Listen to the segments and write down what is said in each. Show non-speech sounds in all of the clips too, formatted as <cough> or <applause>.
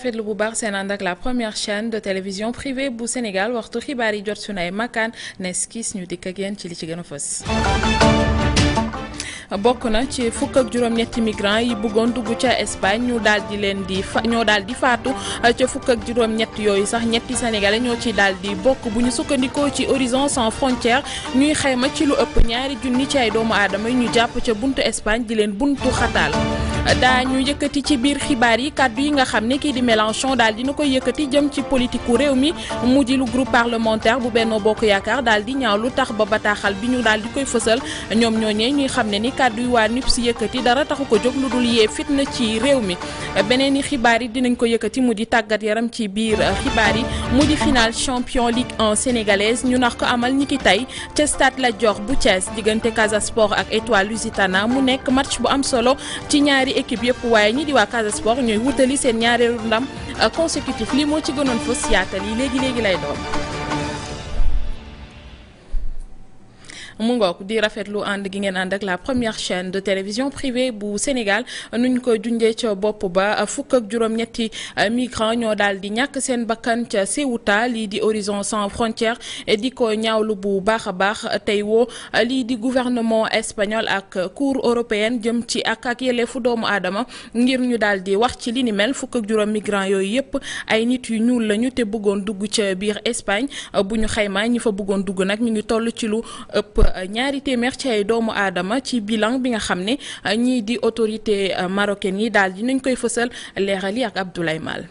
rafetlu bu baax seen ànd ak la première chaîne de télévision privée bu Sénégal waxtu xibaar yi jot suñu ay makkaan neskis ñu dikk ak ci li ci gën a fës. bokk na ci fukk ak juróom migrants yi bëggoon dugg ca Espagne ñu di leen di fa ñoo daal di faatu ca fukk ak juróom-ñett yooyu sax ñetti sénégalais ñoo ci daal di bokk bu sukkandikoo ci Horizon sans frontières ñuy xayma ci lu ëpp ñaari junni ci doomu aadama yi ñu jàpp ca buntu Espagne di leen buntu xataal. daañu yëkkati ci biir xibaar yi kàddu yi nga xam ne kii di Mélenchon daal dina koy yëkkati jëm ci politiku réew mi mu di lu groupe parlementaire bu benn Bokk Yaakaar daal di ñaaw lu tax ba bataaxal bi ñu daal di koy fësal ñoom ñooñee ñuy xam ne ni kàddu yi waa NUPS yëkkati dara taxu ko jóg lu dul yee fitna ci réew mi beneen i xibaar yi dinañ ko yëkkati mu di tàggat yaram ci biir euh, xibaar yi mu di final champion Ligue 1 sénégalaise ñu nax ko amal ñi ki tey ca stade bu Thiès diggante Casa Sport ak Étoile Lusitana mu nekk match bu am solo ci ñaari équipe yëpp waaye ñi di waa Casa Sport ñooy wutali seen ñaareelu ndam euh, consécutif lii moo ci gënoon fës yaatal yi léegi léegi lay doon. mu ngook di rafetlu ànd gi ngeen ànd ak la première chaine de télévision privée bu Sénégal ñu ko junjee ca bopp ba fukk ak juróom-ñetti euh, migrants ñoo daal di ñàkk seen bakkan ca Ceuta lii di Horizon sans frontière euh, di ko ñaawlu bu baax a baax euh, tey woo lii di gouvernement espagnol ak cour européenne jëm ci ak ak yelleefu doomu aadama ngir ñu daal di wax ci li ni mel fukk ak juróom migrants yooyu yépp ay nit yu ñuul lañu te bëggoon dugg ca biir Espagne bu xaymaa ñi fa bëggoon dugg nag ñu ngi toll ci Euh, ñaari téeméer ci ay doomu aadama ci bilan bi nga xam ne euh, ñii di autorité euh, marocaine yi daal di nañ koy fësal leeral yi ak Abdoulaye Mal.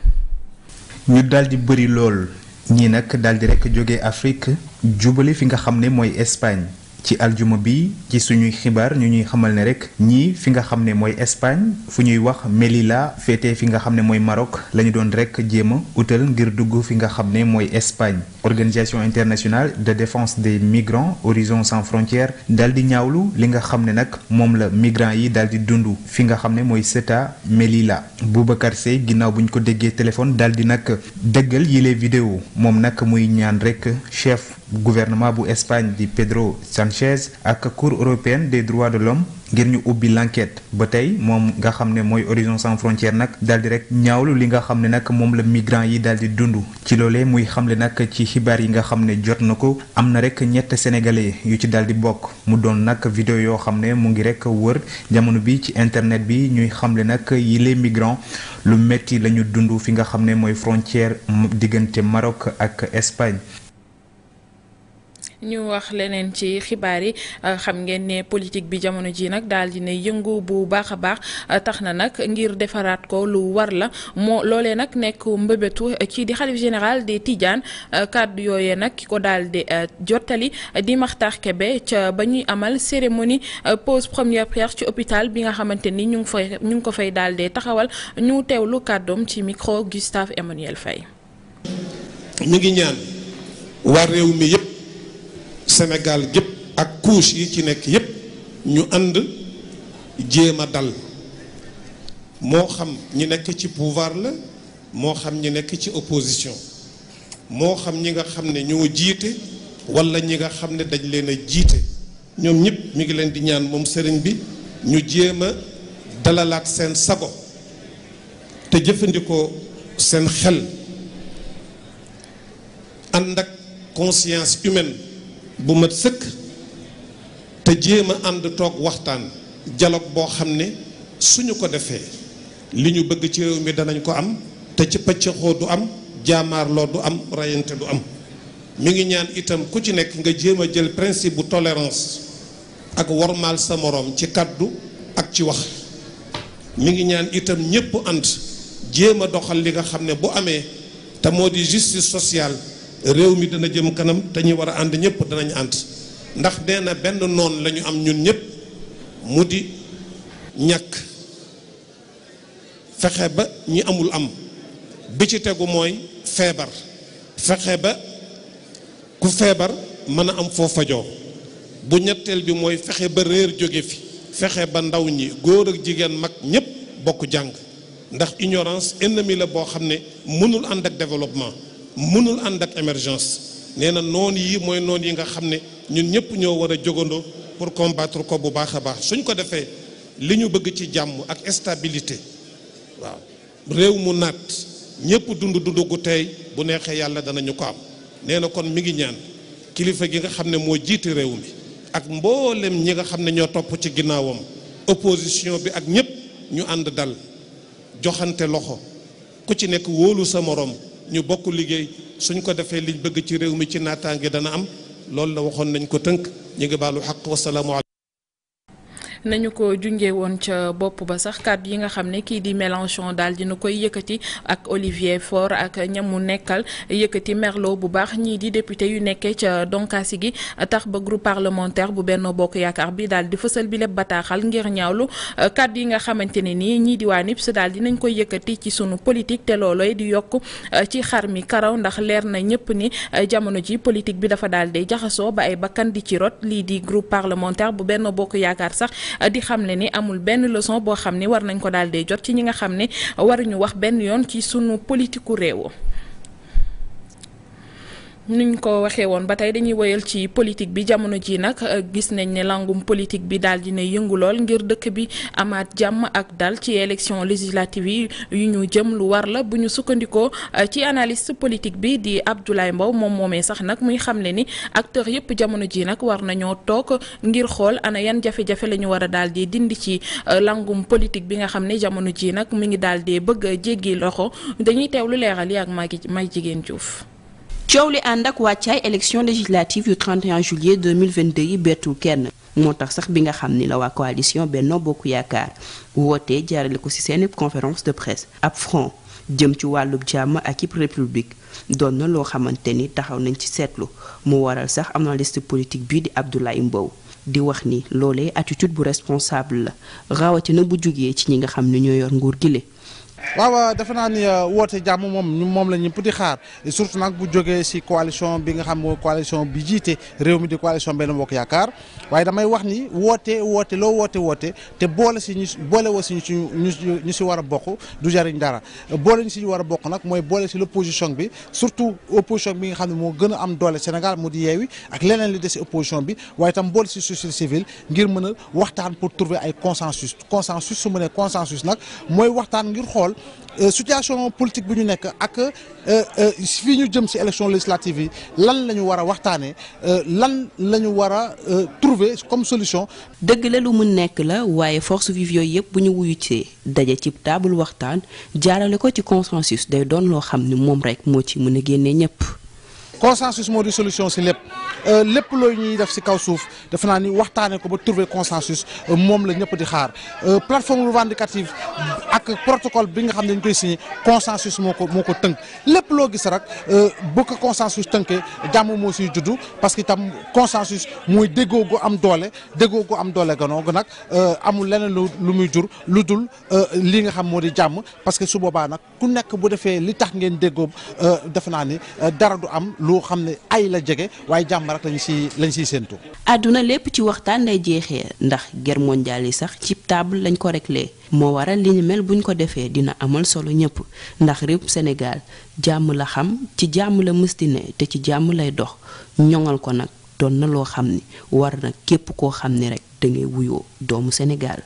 ñu daal di bëri lool ñii nag daal di rek jóge Afrique jubale fi nga xam ne mooy Espagne. ci aljuma bi ci suñuy xibaar ñu ñuy xamal ne rek ñii fi nga xam ne mooy Espagne fu ñuy wax melila féete fi nga xam ne mooy Maroc la ñu doon rek jéema a utal ngir dugg fi nga xam ne mooy Espagne organisation internationale de défense des migrants Horizon sans frontières dal di ñaawlu li nga xam ne nag moom la migrants yi daal di dundu fi nga xam ne mooy Ceuta Melilla Boubacar Seye ginnaaw bu ñu ko déggee téléphone daal di nag dëggal yile vidéo moom nag muy ñaan rek chef gouvernement bu Espagne di Pedro Sanchez ak cour européenne des droits de l'homme ngir ñu ubbi l'enquête ba tey moom nga xam ne mooy Horizon sans frontières nag daal di rek ñaawlu li nga xam ne nag moom la migrants yi daal di dund ci loolee muy xamle nag ci xibaar yi nga xam ne jot na ko am na rek ñett sénégalais yu ci daal di bokk mu doon nag vidéo yoo xam ne mu ngi rek wër jamono bi ci internet bi ñuy xamle nag yi les lu metti la ñu dund fi nga xam ne mooy frontière diggante Maroc ak Espagne ñu wax leneen ci xibaar yi euh, xam ngeen ne politique bi jamono ji nag daal di ne yëngu bu baax a baax euh, tax na nag ngir defaraat ko lu war la moo loole nag nekk mbébétu kii di xalif général des Tidiane euh, kàddu yooyee nag ki ko daal jottali di Maxtar Kebe ca ba ñuy amal cérémonie pose première pierre ci hôpital bi nga xamante ni ñu ngi ñu ngi ko fay daal di taxawal ñu teew lu kàddoom ci micro Gustave Emmanuel Faye. Sénégal gépp ak couche yi ci nekk yépp ñu ànd jéem a dal moo xam ñi nekk ci pouvoir la moo xam ñi nekk ci opposition moo xam ñi nga xam ne ñoo jiite walla ñi nga xam ne dañ leen a jiite ñoom ñëpp mi ngi leen di ñaan moom sëriñ bi ñu jéem a dalalaat seen sago te jëfandikoo seen xel ànd ak conscience humaine bu mat sëkk te jéem a ànd toog waxtaan dialogue boo xam ne suñu ko defee li ñu bëgg ci réew mi danañ ko am te ci pëccëxoo du am jaamaarloo du am rayante du am mu ngi ñaan itam ku ci nekk nga jéem a jël principe bu tolérance ak wormaal sa morom ci kàddu ak ci wax mu ngi ñaan itam ñépp ànd jéem a doxal li nga xam ne bu amee te moo di justice sociale réew mi dana jëm kanam te ñu war a ànd ñëpp danañ ànd ndax nee na benn noon la ñu am ñun ñëpp mu di ñàkk fexe ba ñi amul am bi ci tegu mooy feebar fexe ba ku feebar mën a am foo fajoo bu ñetteel bi mooy fexe ba réer jóge fi fexe ba ndaw ñi góor ak jigéen mag ñëpp bokk jàng ndax ignorance ennemi la boo xam ne mënul ànd ak développement mënul ànd ak émergence nee na noon yi mooy noon yi nga xam ne ñun ñëpp ñoo war a jógandoo pour combattre ko bu baax a baax suñ ko defee li ñu bëgg ci jàmm ak stabilité waaw réew mu naat ñëpp dund du dugg tey bu neexee yàlla danañu ko am nee na kon mi ngi ñaan kilifa gi nga xam ne moo jiiti réew mi ak mboolem ñi nga xam ne ñoo topp ci ginnaawam opposition bi ak ñëpp ñu ànd dal joxante loxo ku ci nekk wóolu sa morom. ñu bokk liggéey suñ ko defee liñ bëgg ci réew mi ci naataange dana am loolu la waxoon nañ ko tënk ñu ngi baalu xaq wasalaamu nañu ko junjee woon ca bopp ba sax kàddu yi nga xam ne kii di Mélenchon daal dina koy yëkkati ak Olivier Faure ak ñamu nekkal yëkkati merlo bu baax ñii di député yu nekkee ca donkaasi gi tax ba groupe parlementaire bu benn Bokk Yaakaar bi daal di fësal bi lépp bataaxal ngir ñaawlu euh, kàddu yi nga xamante ne nii ñii di waa daal dinañ koy yëkkati ci sunu politique te loolooy di yokk euh, ci xar mi karaw ndax leer na ñëpp ni euh, jamono ji politique bi dafa daal jaxasoo ba ay bakkan ci rot lii di groupe parlementaire bu Benno Bokk Yaakaar sax di xam ne ni amul benn leçon boo xam ni war nañ ko daal di jot ci ñi nga xam ne ñu wax benn yoon ci sunu politiku réew. nuñ ko waxee woon ba tey dañuy woyal ci politique bi jamono ji nag euh, gis nañ ne langum politique bi daal dina yëngu lool ngir dëkk bi amaat jàmm ak dal ci élection législative yi yu ñu jëm lu war la bu ñu sukkandikoo euh, ci analyste politique bi di Abdoulaye Mbow moom moomee sax nag muy xamle ni acteur yëpp jamono ji nag war nañoo toog ngir xool ana yan jafe-jafe la ñu war a daal di dindi ci euh, langum politique bi nga xam ne jamono ji nag mi ngi daal di bëgg a jéggi loxo dañuy teewlu leeral yi ak May Jigéen Diouf coow li ànd ak wàccaay élection législative yu 31 juillet 2022 yi bettul kenn moo tax sax bi nga xam ni la waa coalition Benno Bokk Yaakaar wootee jaarale ko ci seen conférence de presse ab front jëm ci wàllu jàmm ak i république doon na loo xamante ni taxaw nañ ci seetlu mu waral sax am na analyste politique bii di Abdoulaye Mbow di wax ni loolee attitude bu responsable la rawatina bu jógee ci ñi nga xam ne ñoo yor nguur gile waaw defe naa ni euh, woote jàmm moom moom la ñu puti xaar surtout nag bu jógee si coalition bi nga xam mooy coalition bi jiite réew mi di coalition benn Bokk Yaakaar waaye damay wax ni woote woote loo woote woote te boole si ñu boole woo si ñu ñu si war a bokk du jariñ dara boole ñu si war a bokk nag mooy boole si l'opposition bi surtout opposition bi nga xam ne moo gën a am doole Sénégal mu di yeewi ak leneen li des si opposition bi waaye tam boole si société civile ngir mën a waxtaan pour trouver ay consensus consensus su ma nee nag mooy waxtaan ngir xool Euh, situation politique bu ñu nekk ak euh, euh, fii ñu jëm ci élection législative yi lan la ñu war a waxtaanee lan lañu ñu war a trouver comme solution. dëgg la lu mu nekk la waaye force vive yooyu yëpp bu ñu wuyu ci daje ci table waxtaan jaarale ko ci consensus day doon loo xam ni moom rekk moo ci mun a génnee ñëpp. consensus moo di solution si lépp euh, lépp looy ñuy def si kaw suuf defe naa ni waxtaanee ko ba trouver consensus euh, moom la ñëpp di xaar euh, plateforme revendicative ak protocole bi nga xam ne dañ koy si consensus moo ko moo ko tënk lépp loo gis rek bu ko consensus tënkee jàmm moo siy juddu parce que itam consensus mooy déggoo gu am doole déggoo gu am doole ganoo nag amul leneen lu lu muy jur lu dul li nga xam moo di jàmm parce que su boobaa nag ku nekk bu defee li tax ngeen déggoo defe naa ni dara du am. loo xam ne ay la jege waaye jàmm rek lañ si lañ siy séentu. àdduna lépp ci waxtaan lay jeexee ndax guerre mondiale yi sax ci table lañ ko réglé moo waral li ñu mel buñ ko defee dina amal solo ñëpp ndax répp Sénégal jàmm la xam ci jàmm la mës te ci jàmm lay dox ñoŋal ko nag doon na loo xam ni war na képp koo xam ni rek da wuyoo doomu Sénégal.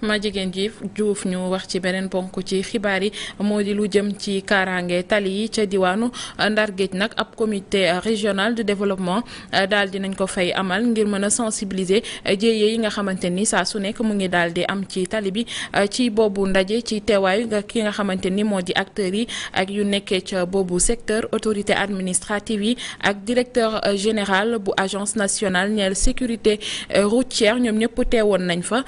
ma jigéen ji Diouf ñu wax ci beneen ponk ci xibaar yi moo di lu jëm ci kaaraange tali yi ca diwaanu Ndar Géej nag ab comité régional de développement euh, daal nañ ko fay amal ngir mën a sensibiliser euh, jéeye yi nga xamante ni saa su nekk mu ngi daal di am ci tali bi euh, ci boobu ndaje ci teewaayu nga ki nga xamante ni moo di acteur yi ak yu nekkee ca boobu secteur autorité administrative yi ak directeur général bu agence nationale ñeel sécurité routière ñoom ñëpp teewoon nañ fa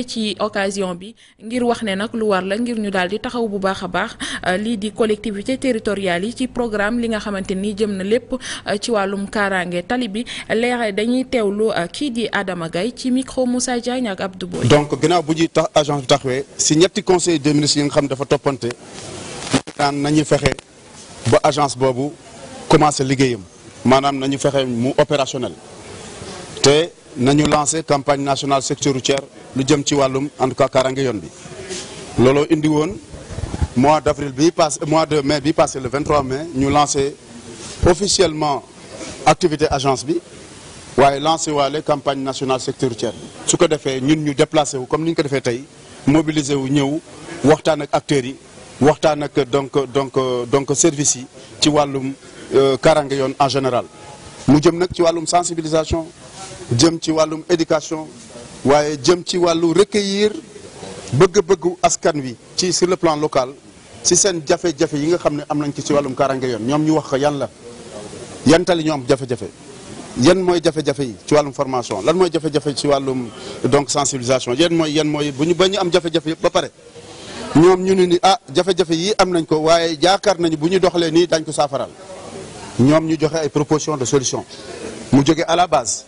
ci occasion bi ngir wax ne nag lu war la ngir ñu daal di taxaw bu baax a baax euh, lii di collectivité territoriale yi ci programme li nga xamante ni jëm na lépp euh, ci wàllum kaaraange tali bi leer dañuy teew teewlu euh, kii di Adama gay ci micro Moussa Diagne ak Abdou Boy donc gannaaw bu ji tax agence tax taxawee si ñetti conseil des ministres yi nga xam dafa toppante naan nañu fexe ba agence boobu commencé liggéeyam maanaam nañu fexe mu opérationnel te nañu lancé campagne nationale secteur routier lu jëm ci wàllum en tout cas kaaraange yoon bi looloo indi woon mois d' avril bi passé mois de mai bi passé le 23 mai ñu lancé officiellement activité agence bi waaye lancé waale campagne nationale secteur routier su ko defee ñun ñu déplacé wu comme ni ñu ko defee tey mobiliser wu ñëw waxtaan ak acteurs yi waxtaan ak donc donc donc service yi ci wàllum euh, kaaraange yoon en général mu jëm nag ci wàllum sensibilisation jëm ci wàllum éducation waaye jëm ci wàllu recueillir bëgg-bëggu askan wi ci sur le plan local si seen jafe-jafe yi nga xam ne am nañ ci wàllum kaaraange yoon ñoom ñu wax ko yan la yan tali ñoo am jafe-jafe yan mooy jafe-jafe yi ci wàllum formation lan mooy jafe-jafe ci wàllum donc sensibilisation yan mooy yan mooy bu ñu ba ñu am jafe-jafe yëpp ba pare ñoom ñu ne ni ah jafe-jafe yi am nañ ko waaye yaakaar nañu bu ñu doxalee nii dañ ko saafaral ñoom ñu joxe ay proposition de solution mu jóge à la base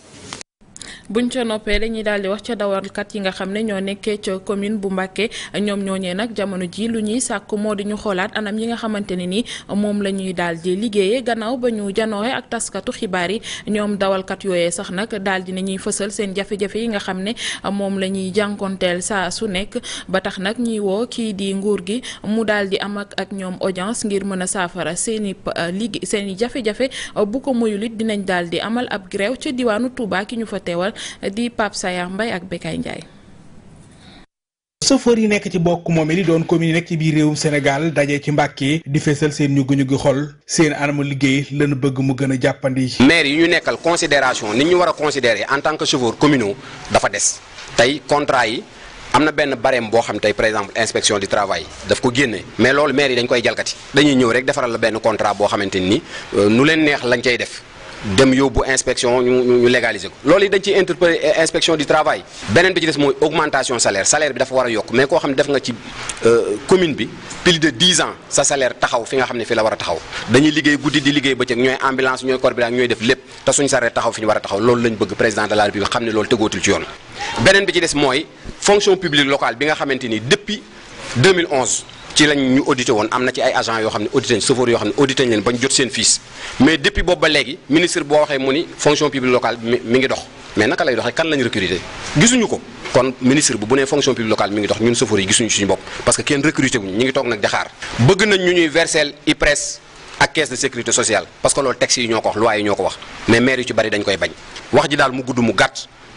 buñ ca noppee dañuy daal di wax ca dawalkat yi nga xam ne ñoo nekkee ca commune bu Mbacké ñoom ñooñee nag jamono ji lu ñuy sàkk moo di ñu xoolaat anam yi nga xamante ne nii moom la ñuy daal di liggéeyee gannaaw ba ñu janoore ak taskatu xibaar yi ñoom dawalkat yooyee sax nag daal di nañuy fësal seen jafe yi nga xam ne moom la ñuy jànkonteel saa su nekk ba tax nag ñuy woo kii di nguur gi mu daal di am ak ñoom audience ngir mën a saafara seen i liggéey seeni euh, i jafe-jafe bu ko muyul it dinañ daal di amal ab grève ca diwaanu Touba ñu fa teewal taxawal di Pape Sayar Mbaye ak Bekay Ndiaye. chauffeur yi nekk ci bokk moom yi di doon commune yi nekk ci biir réewum Sénégal daje ci Mbàkke di fesal seen ñu gi xol seen anama liggéey lan bëgg mu gën a jàppandi. maire yi ñu nekkal considération ni ñu war a en tant que chauffeur communaux dafa des tey contrat yi am na benn barème boo xam tey par exemple inspection du travail daf ko génne mais loolu maire yi dañ koy jalkati dañuy ñëw rek defaral la benn contrat boo xamante ni euh, nu leen neex lañ cay def. dem yóbbu inspection ñu ñu légaliser ko loolu yi dañ ciy interpellé eh, inspection du travail beneen bi ci des mooy augmentation salaire salaire bi dafa war a yokk mais koo xam ne def nga ci euh, commune nga xam ne fi la war a taxaw dañuy liggéey guddi di liggéey bëccëg ñooy ambulance ñooy corbillard ñooy def lépp te suñu salaire taxaw fi ñu war a taxaw loolu lañ bëgg président de la république xam ne loolu tëgootul ci yoon beneen bi ci des mooy fonction publique locale bi nga xamante ni depuis 2011 ci lañ ñu audité woon am na ci ay agent yoo xam ne audité chauffeur yoo xam ne audité leen bañ jot seen fiis mais depuis boobu ba léegi ministre boo waxee mu ni fonction publique locale mi ngi dox mais naka lay doxee kan lañ recruter gisuñu ko kon ministre bu bu nee fonction publique locale mi ngi dox ñun chauffeur yi gisuñu suñu bopp parce que kenn recruter wuñu ñu ngi toog nag di xaar bëgg nañ ñu ñuy verser IPRES ak caisse de sécurité sociale parce que loolu texte yi ñoo ñoo ko wax mais maire yu ci dañ koy bañ wax ji daal mu gudd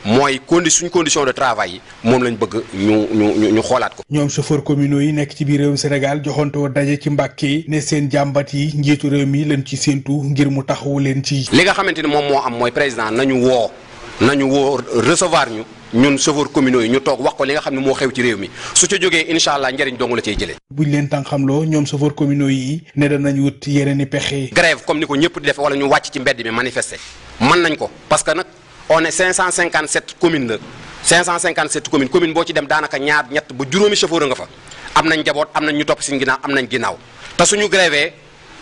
mooy condi suñ condition de travail yi moom lañ bëgg ñu ñu ñu xoolaat ko. ñoom chauffeur communaux yi nekk ci biir réewum Sénégal joxantoo daje ci Mbàkke ne seen jàmbat yi njiitu réew mi lañ ci séentu ngir mu taxawu leen ci. li nga xamante ni moom moo am mooy président nañu woo nañu woo recevoir ñu. ñun chauffeurs communaux yi ñu toog wax ko li nga xam ne moo xew ci réew mi su ca jógee incha allah njëriñ dong la cay jëlee. buñ leen tàng xamloo ñoom chauffeurs communaux yi ne danañ wut yeneen i pexe. grève comme ni ko ñëpp di def wala ñu wàcc ci mbedd mi manifester mën nañ ko on est 557 communes la 557 communes commune boo ci dem daanaka ñaar ñett ba juróomi chauffeur nga fa am nañ njaboot am nañ ñu topp si ginnaaw am nañ ginnaaw te suñu grévé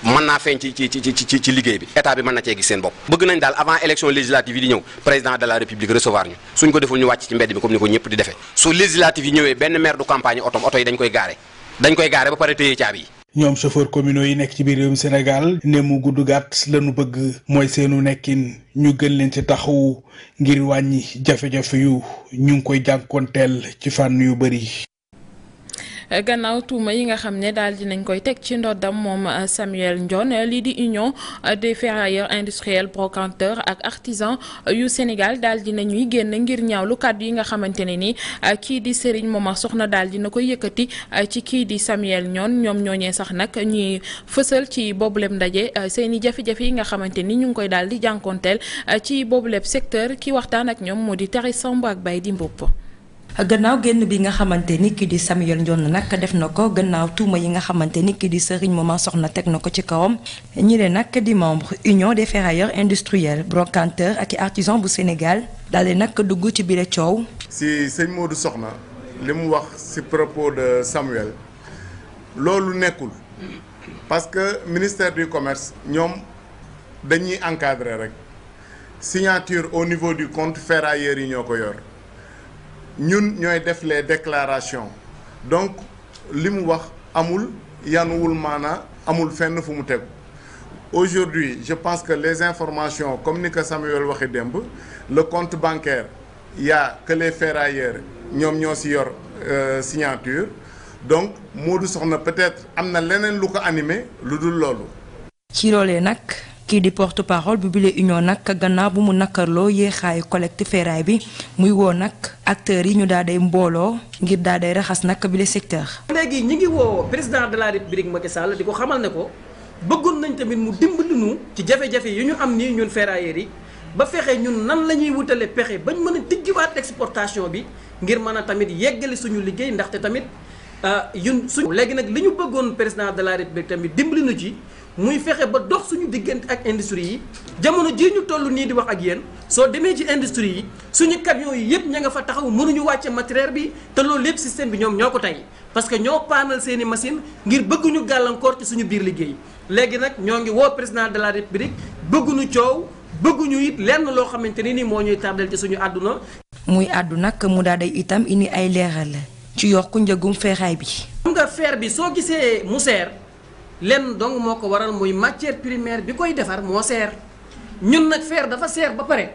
mën naa feeñ ci ci ci liggéey bi état bi mën na cee gis seen bopp bëgg nañ daal avant élection législative yi di ñëw président de la république recevoir ñu suñ ko deful ñu wàcc ci mbedd mi comme ni ko ñëpp di defee su législative yi ñëwee benn maire du campagne ñoom chauffeur communaux yi nekk ci biir réewum Sénégal ne mu gudd gàtt lañu bëgg mooy seenu nekkin ñu gën leen ci taxawu ngir wàññi jafe-jafe yu ñu ngi koy jànkoonteel ci fànn yu bari gannaaw tuuma yi nga xam ne daal nañ koy teg ci ndoddam moom euh, Samuel Ndione lii di union des ferrailleurs industriels brocanteurs ak artisans yu Sénégal daal dinañuy génn ngir ñaaw lu kàddu yi nga xamante ne ni euh, kii di Serigne Momar Soxna daal dina koy yëkkati euh, ci kii di Samuel Ndione ñoom ñooñee sax nag ñuy fësal ci boobuleb ndaje seen i jafe-jafe yi nga xamante ni ñu ngi koy daal di jànkoonteel ci boobuleb secteur ki waxtaan ak ñoom moo di Tari Samb ak Baye di Mboup gannaaw génn bi nga xamante ni kii di Samuel Ndione nag def na ko gannaaw tuuma yi nga xamante ni kii di Serigne Momar Soxna teg na ko ci kawam ñi ne nag di membre union des ferrailleurs industriels brocanteurs ak i artisans bu Sénégal daal di nag dugg ci biir coow. si moo du Soxna li mu wax si propos de Samuel loolu nekkul parce que ministère du commerce ñoom dañuy encadrer rek signature au niveau du compte ferrailleurs yi ñoo ko yor. ñun ñooy def les déclarations donc li mu wax amul yanuwul maanaa amul fenn fu mu tegu aujourd'hui je pense que les informations comme ni ko Samuel waxee démb le compte bancaire yaa a que ñoom ñoo si yor euh, signature donc Modou Soxna peut-être am na leneen lu ko animé lu dul loolu. ci loolee nag. kii di porte parole bu bile union nag gannaaw bu mu nakarloo yéexaayu collecte ferraille bi muy woo nag acteurs yi ñu daal day mbooloo ngir daal day raxas nag bile secteur. léegi ñi ngi woo président de la république Macky Sall di ko xamal ne ko bëggoon nañ tamit mu dimbali ñu ci jafe-jafe yi ñu am nii ñun ferrailleurs yi ba fexe ñun nan la ñuy wutale pexe bañ mën a tijjiwaat exportation bi ngir mën a tamit yeggali suñu liggéey ndaxte tamit. yun euh, suñu léegi nag li ñu bëggoon président de la république tamit dimbali nu ci muy fexe ba dox suñu diggante ak industrie yi jamono jii ñu toll nii di wax ak yéen soo demee ci industrie yi suñu camions yi yëpp ña nga fa taxaw mënuñu wàcce matériel bi te loolu lépp système bi ñoom ñoo ko tey parce que ñoo paanal seeni machine ngir bëgguñu gàllankoor ci suñu biir liggéey léegi nag ñoo ngi woo président de la république bëgguñu coow bëgguñu it lenn loo xamante ni moo ñuy tardel suñu àdduna muy àddu nag mu daal day itam indi ay leeral ci yokku njëgum ferraille bi. xam nga bi soo gisee mu seer lenn dong moo ko waral muy matière primaire bi koy defar moo seer ñun nag feer dafa seer ba pare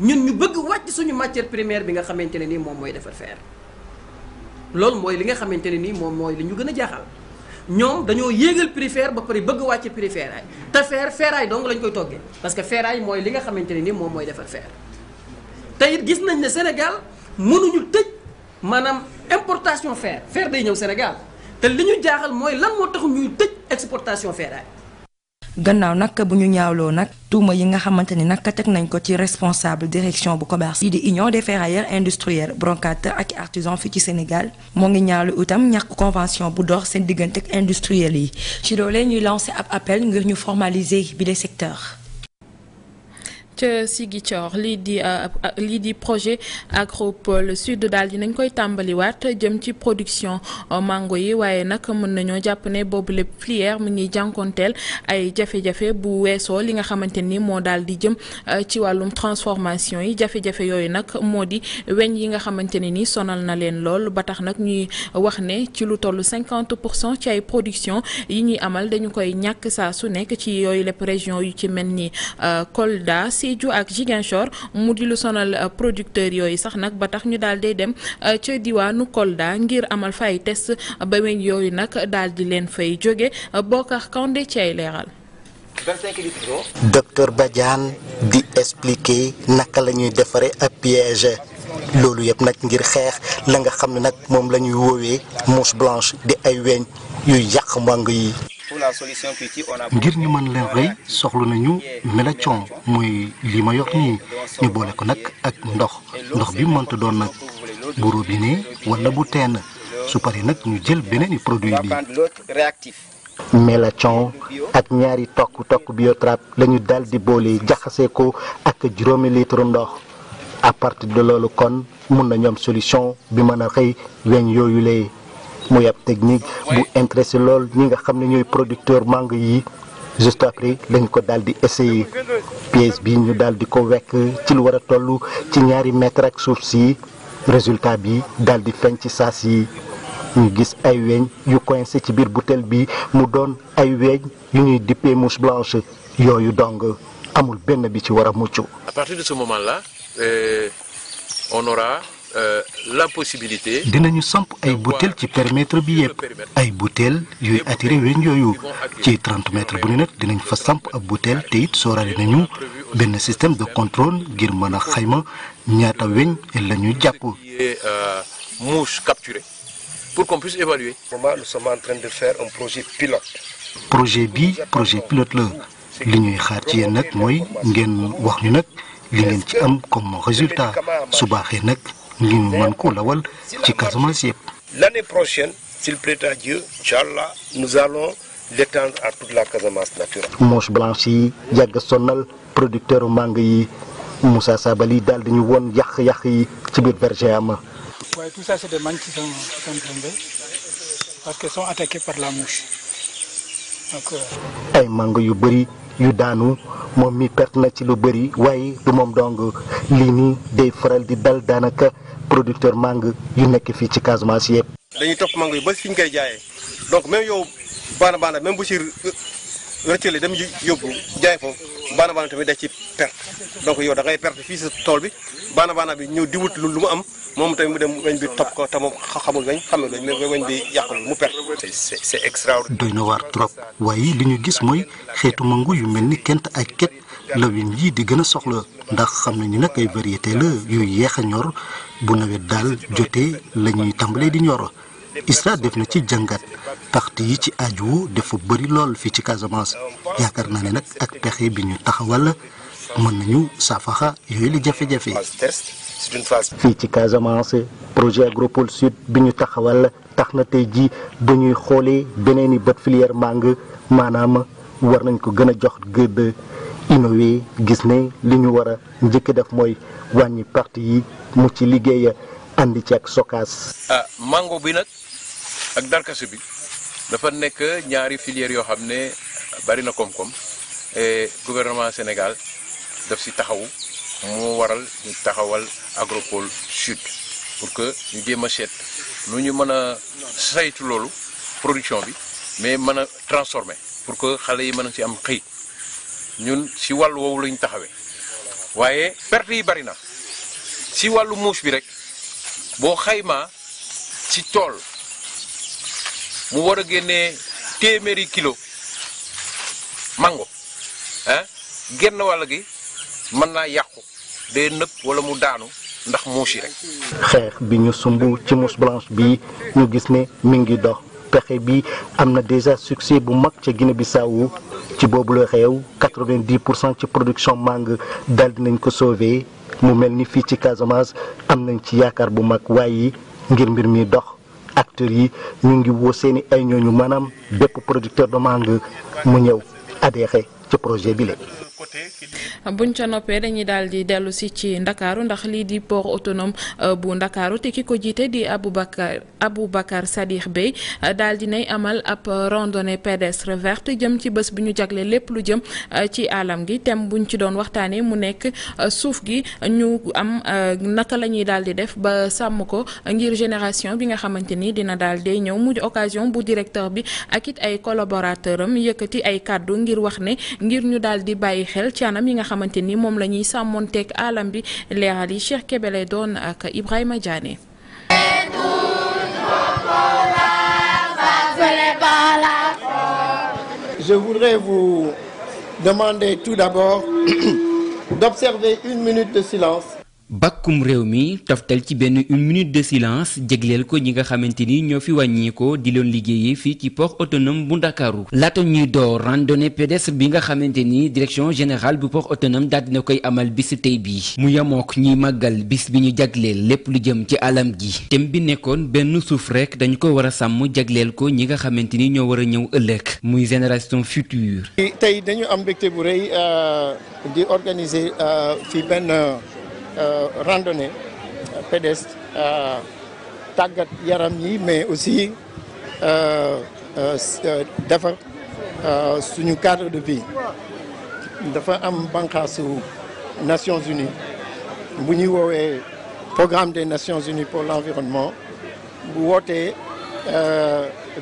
ñun ñu bëgg wàcc suñu matière primaire bi nga xamante ne nii moom mooy defar fer. loolu mooy li nga xamante ne nii moom mooy li ñu gën a jaaxal ñoom dañoo yéegal prix ba pare bëgg wàcce prix ferraille te fer ferraille dong lañ koy toggee parce que ferraille mooy li nga xamante ne nii moom mooy defar fer te gis nañ ne Sénégal mënuñu tëj. maanaam importation fer fer day ñëw Sénégal te li ñu jaaxal mooy lan moo tax ñuy tëj exportation ferraille. gannaaw nag bu ñu ñaawloo nag tuuma yi nga xamante ni nag teg nañ ko ci responsable direction bu commerce yi di union des ferrailleurs industriels broncateurs ak artisans fii ci Sénégal moo ngi ñaawlu itam ñàkk convention bu dox seen diggante ak industriels yi ci loolee ñuy lancer ab appel ngir ñu formaliser bi le secteur. ca Ziguinchor lii di euh, euh, lii di projet Agropole Sud daal nañ koy tàmbaliwaat jëm ci production euh, mango yi waaye nag mën nañoo jàpp ne boobu lépp filière mu ngi jànkonteel ay jafe-jafe bu weesoo li nga xamante ni moo daal di jëm ci wàllum transformation yi jafe-jafe yooyu nag moo di weñ yi nga xamante ne ni sonal na leen lool ba tax nag ñuy wax ne ci lu toll cinquante pour cent ci ay production yi ñuy amal dañu koy ñàkk saa su nekk ci yooyu lépp région yu ci mel ni Kolda Sédhiou ak Ziguinchor mu di lu sonal euh, producteurs yooyu sax nag ba tax ñu daal di dem euh, ca diwaanu Kolda ngir amal fa yooyu nag daal di leen fay jóge euh, Bokar Kandé ci ay leeral. docteur Badiane naka la ñuy defaree ab piège loolu yëpp nag ngir xeex la nga xam ne nag moom lañuy woowee mouche blanche di ay weñ yuy yàq màng yi. ngir ñu mën leen rëy soxlu nañu melation muy li ma yox nii ñu boole ko nag ak ndox ndox bi mënta doon nag bu robinet wala bu teen su pare nag ñu jël beneen produit bi. melation ak ñaari tokk-tokk biotrap lañu daal di boole jaxase ko ak juróomi litre ndox à partir de loolu kon mun na ñoom solution bi mën a xëy weñ yooyu lee. muy ab technique bu intéressé lool ñi nga xam ne ñooy producteur mangue yi juste après lañ ko daal di essayer pièce bi ñu daal di ko wekk ci lu war a toll ci ñaari mètre ak suuf si résultat bi daal di feeñ ci saas yi ñu gis ay weñ yu coincé ci biir butel bi mu doon ay weñ yu ñuy dippee mouche blanche yooyu dong amul benn bi ci war a mucc. À partir de ce Euh, la possibilité. dinañu samp ay butéel ci périmètre bi yëpp ay butéel yooyu attiré weñ yooyu ci 30 mètres bu ne nag dinañ fa samp ab butéel te it sóoraale nañu benn système de contrôle ngir mën a xayma ñaata weñ la ñu jàpp. Euh, mouche capturée pour qu'on puisse évaluer. moment projet bi projet pilote la li ñuy xaar ci yéen nag mooy ngeen wax ñu nag li ngeen ci am comme résultat su baaxee nag. ñu mën ko lawal ci Casamance yëpp. l'année prochaine s'il plaît à Dieu inchallah nous allons l'étendre à toute la Casamance naturelle. mouche blanche yi yàgg sonal producteur mangue yi Moussa Sabali daal di ñu woon yàq-yàq yi ci biir verger am. waaye tout par la mouche donc. Euh, ay mangue yu bëri. yu daanu moom mi perte na ci lu bëri waaye du moom dong lii nii day faral di dal daanaka producteur màng yu nekk fii ci Casamance yëpp. dañuy topp mangue yi ba fi ñu koy jaaye donc même yow baana baana même bu ci euh, rëccale dem yóbbu jaay foofu baana baana tamit da ci perte donc yow da ngay perte fii sa tool bi baana baana bi ñëw di wut lu mu am moom tamit mu dem weñ bi topp ko te moom xamul weñ xamul weñ mais weñ bi yàqul mu perte. c'est c'est extraordinaire. doy na waar trop waaye li ñu gis mooy xeetu mangu yu mel ni kent ak ket la win yii di gën a soxla ndax xam nañu nag ay variété la yuy yeex a ñor bu nawet daal jotee la ñuy tàmbalee di ñor. ISRA def na ci jàngat pacte yi ci aju dafa bëri lool fii ci Casamance yaakaar naa ne nag ak pexe bi ñu taxawal mën nañu saafaxa yooyu la jafe-jafe. fii ci Casamance projet Agropole Sud bi ñu taxawal tax na tey jii ba ñuy xoolee beneen i bët filière màng maanaam war nañ ko gën a jox gëdd innové gis ne li ñu war a njëkk def mooy wàññi parti yi mu ci liggéeya indi ci ak sokaas. Ah, ak darkase bi dafa nekk ñaari filières yoo xam ne bari na koom-koom gouvernement Sénégal daf si taxawu moo waral ñu taxawal agropole sud pour que ñu jéem a seet nu ñu mën a saytu loolu production bi mais mën a transformer pour que xale yi mën a si am xëy ñun si wàllu woowu lañu taxawee waaye perte yi bari na si wàllu muus bi rek boo xaymaa ci tool mu war a génnee téeméeri kilo mango ah genn wàll gi mën naa yàqu day nëb wala mu daanu ndax muus yi rek. xeex bi ñu sumb ci mouche blanche bi ñu gis ne mi ngi dox pexe bi am na déjà succès bu mag ca Guinée-Bissau ci boobu la réew 90 pour cent ci production màng daldi dinañ ko sauver mu mel ni fii ci Casamance am nañ ci yaakaar bu mag waaye ngir mbir mi dox. acteurs yi ñu ngi woo seeni ay ñooñu maanaam bépp producteur de mangue mu ñëw adhéré ca projet bi la Ah, buñ ca noppee dañuy daal di dellu si ci ndakaaru ndax lii di port autonome euh, bu ndakaaru te ki ko jiite di Aboubacar Aboubacar Sadikh Bey euh, daal di nay amal ab randonnée pédestre verte jëm ci bés bu ñu jagle lépp lu jëm euh, ci alam gi thème buñ ci doon waxtaanee mu nekk suuf gi ñu am naka la ñuy daal di def ba sàmm ko ngir génération bi nga xamante ni dina daal di ñëw mu occasion bu directeur bi ak it ay collaborateur am yëkkati ay kàddu ngir wax ne ngir ñu daal di bàyyi xel yi nga xamante ni moom la ñuy sàmmonteeg alam bi leeral yi Cheikh Kébé doon ak Ibrahima Diané. Je <coughs> bàkkum réew mi toftal ci benn une minute de silence jégleel ko ñi nga xamante ñoo fi wàññeekoo di loon liggéeyee fii ci port autonome bu ndakaaru laata ñuy door randonnée pédestre bi nga xamante ni direction générale bu port autonome daal dina koy amal bis tey bii mu yamook ñuy màggal bis bi ñu jagleel lépp lu jëm ci alam gi thème bi nekkoon benn suuf rek dañu ko war a sàmm jagleel ko ñi nga xamante ni ñoo war a ñëw ëllëg muy génération future. tey dañu Euh, randonnée euh, pédestre euh, tàggat yaram yi mais aussi defar suñu cadre de bi dafa am bànqaasu Nations Unies bu ñuy woowee programme de Nations Unies pour l'environnement bu wootee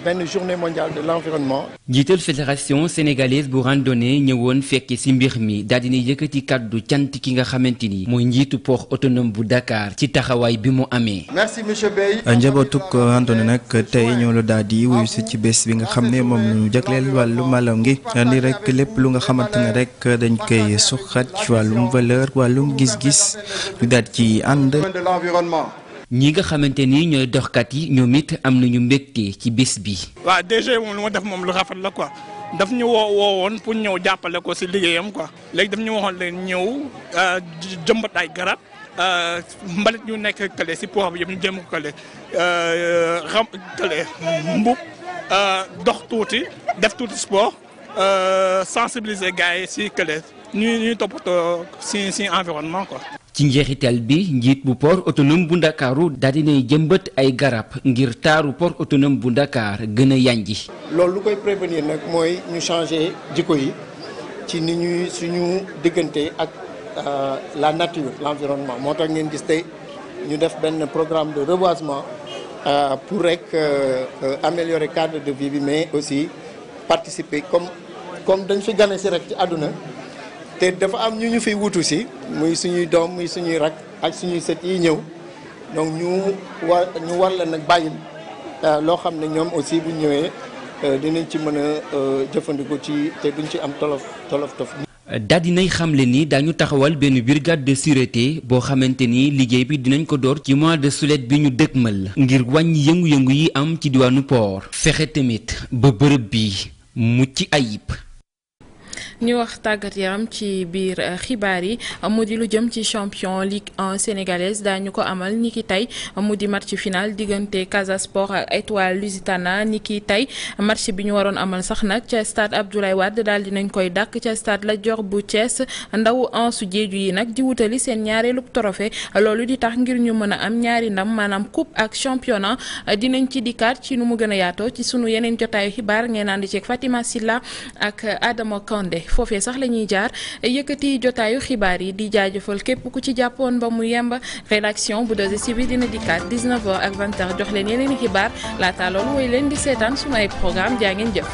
benn journée mondiale de l'environnement. njiital fédération sénégalaise bu randonnée ñëwoon fekk ci mbir mi daal dina yëkkati kàddu cant ki nga xamante ni. mooy njiitu port autonome bu Dakar. ci taxawaay bi mu amee. merci monsieur Bey. nag tey ñoo la daal di wuyu ci bés bi nga xam ne moom mu jagleel wàllu malam ngi ni rek lépp lu nga xamante ne rek dañ koy suxat ci wàllum valeur wàllum gis-gis ñu daal ci ànd. ñii nga xamante nii ñooy doxkat yi ñoom it am nañu mbégte ci bis bi. waaw DG moom lu ma def moom lu rafet la ko daf ñu woo woon pour ñëw jàppale ko si liggéeyam quoi léegi daf ñu waxoon leen ñëw euh, jëmbat ay garab. Euh, mbalit ñu nekk kale si poids bi yëpp ñu jéem ko kale xam euh, mbub dox tuuti def tuuti sport sensibiliser gars yi si kale ñuy ñuy toppatoo si si environnement quoi. ci njeexital bi njiit bu por autonome bu ndakaaru daal dinay jëmbët ay garab ngir taaru port autonome bu ndakaar gën a ji loolu lu koy prévenir nag mooy ñu changer jikko yi ci ni ñuy suñu diggante ak euh, la nature l'environnement moo tax ngeen gis tey ñu def benn programme de reboisement euh, pour rek euh, améliore cadre de vie bi mais aussi participer comme comme dañ fi gane si rek ci àdduna te dafa am ñu ñu fi wutu si muy suñuy doom muy suñuy rak ak suñuy set yi ñëw donc ñu war ñu war la nag bàyyi euh, loo xam ne ñoom aussi bu ñëwee euh, dinañ ci mën a euh, jëfandikoo ci te duñ ci am tolof tolof tof daal di nay xamle ni dañu taxawal benn brigade de sûreté boo xamante ni liggéey bi dinañ ko door ci mois de sulet bi ñu dëgmal ngir wàññi yëngu-yëngu yi am ci diwaanu port fexe tamit ba bërëb bi mu mucc ayib ñu wax tàggat yaram ci biir euh, xibaar yi mu di lu jëm ci champion Ligue 1 sénégalaise daañu ko amal niki tey mu di match final diggante Casa Sport ak Étoile Lusitana niki tey match bi ñu waroon amal sax nag ca stade Abdoulaye Wade daal dinañ koy dàq ca stade la jox bu Thiès ndaw Ansu Jeeju yi nag di wutali seen ñaareelu trophée loolu di tax ngir ñu mën a am ñaari ndam maanaam coupe ak championnat dinañ ci dikkaat ci nu mu gën a yaatoo ci sunu yeneen jotaayu xibaar ngeen ànd ceeg Fatima Silla ak Adama Kandé foofee sax lañuy ñuy jaar yëkkati jotaayu xibaar yi di jaajëfal képp ku ci jàppoon ba mu yemba rédaction bu 2STV dina dikkaat 19h ak 20 jox leen yeneen i xibaar laata loolu woy leen di seetaan sunu ay programme jaa ngeen jëf.